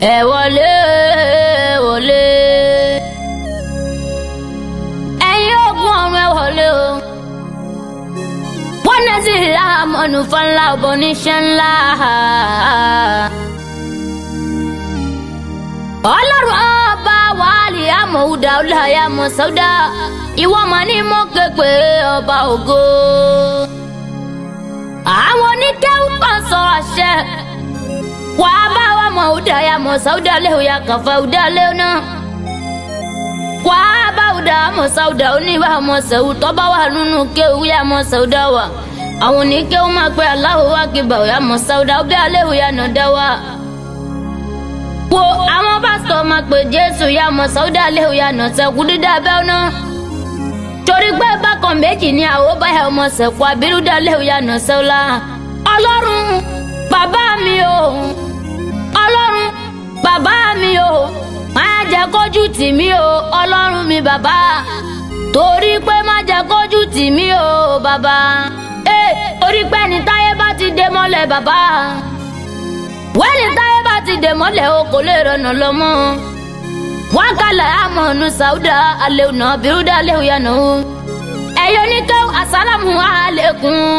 ẹ wọlé wọlé ẹ̀yin ogun ọ̀run ẹ wọlé o wọn náà sì ra mọnùfọ ńlá ọbọ oníṣẹ́ ńlá ọlọ́run ọba wàhálì amòhùdà ọláyà mọ̀sọ́dá ìwọ mà ní mọ́ képe ọba ògo àwọn oníkẹ́wù kan sọ àṣẹ wàá sauda leo yakafa uda leo na kwa bauda mo sauda oni ba mo sau to ba wa nunu ke u mo sauda wa àwọn ni ke o ma pe Allahu akiba ya mo sauda uda leo ya no da wa wo àwọn pastor ma pe Jesus. ya mo sauda leo ya no se kududa be ona torí pé bákan méjì ni àwọn báyà ọmọ sẹ̀kọ́ abirúdá lẹ́hìn yanu sẹ́wọ́lá ọlọ́run mi o má jẹ́ kójú tì mí o ọlọ́run mi bàbá torí pé má jẹ́ kójú tì mí o bàbá ẹ eh, orí pé ní táyé bá ti dé mọ́lẹ̀ bàbá wẹ́ni táyé bá ti dé mọ́lẹ̀ o kò lè rọ̀nà lọ mọ́ wọn kalẹ̀ amọ̀nù sàúdà alẹ́ ònà bírúdà alẹ́ òyànà ẹ̀yọ́ ní kẹ́wọ́ asálàmù alẹ́kùn.